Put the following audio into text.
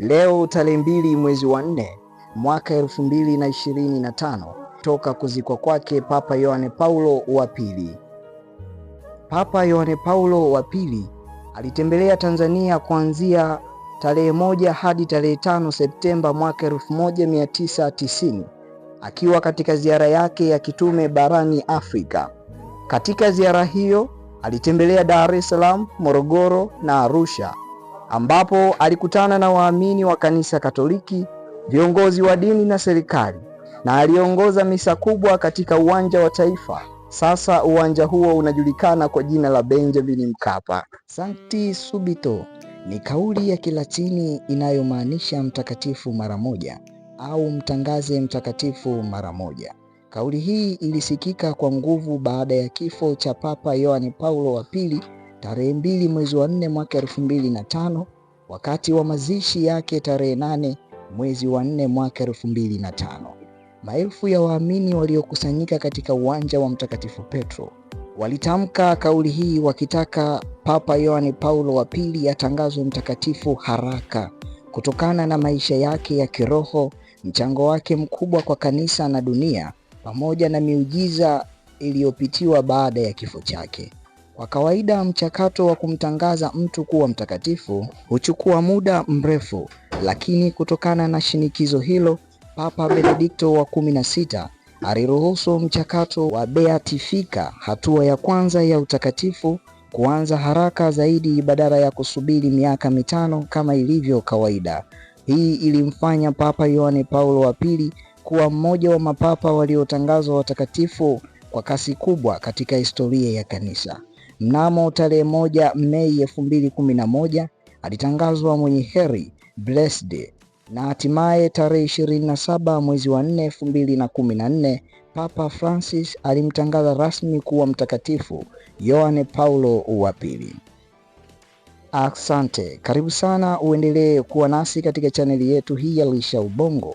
Leo tarehe mbili mwezi wa nne mwaka elfu mbili na ishirini na tano toka kuzikwa kwake Papa Yohane Paulo wa pili. Papa Yohane Paulo wa pili alitembelea Tanzania kuanzia tarehe moja hadi tarehe tano Septemba mwaka 1990 akiwa katika ziara yake ya kitume barani Afrika. Katika ziara hiyo alitembelea Dar es Salaam, Morogoro na Arusha ambapo alikutana na waamini wa kanisa Katoliki, viongozi wa dini na serikali, na aliongoza misa kubwa katika uwanja wa Taifa. Sasa uwanja huo unajulikana kwa jina la Benjamin Mkapa. Sancti Subito ni kauli ya Kilatini inayomaanisha mtakatifu mara moja au mtangaze mtakatifu mara moja. Kauli hii ilisikika kwa nguvu baada ya kifo cha Papa Yohane Paulo wa pili tarehe mbili mwezi wa nne mwaka elfu mbili na tano wakati wa mazishi yake tarehe nane mwezi wa nne mwaka elfu mbili na tano maelfu ya waamini waliokusanyika katika uwanja wa Mtakatifu Petro walitamka kauli hii wakitaka Papa Yohane Paulo wa Pili atangazwe mtakatifu haraka kutokana na maisha yake ya kiroho, mchango wake mkubwa kwa kanisa na dunia, pamoja na miujiza iliyopitiwa baada ya kifo chake. Kwa kawaida mchakato wa kumtangaza mtu kuwa mtakatifu huchukua muda mrefu, lakini kutokana na shinikizo hilo, Papa Benedikto wa kumi na sita aliruhusu mchakato wa beatifika, hatua ya kwanza ya utakatifu, kuanza haraka zaidi badala ya kusubiri miaka mitano kama ilivyo kawaida. Hii ilimfanya Papa Yohane Paulo wa pili kuwa mmoja wa mapapa waliotangazwa watakatifu kwa kasi kubwa katika historia ya kanisa. Mnamo tarehe moja Mei elfu mbili kumi na moja alitangazwa mwenye heri blessed, na hatimaye tarehe ishirini na saba mwezi wa nne elfu mbili na kumi na nne Papa Francis alimtangaza rasmi kuwa mtakatifu Yohane Paulo wa pili. Asante, karibu sana, uendelee kuwa nasi katika chaneli yetu hii ya Lisha Ubongo.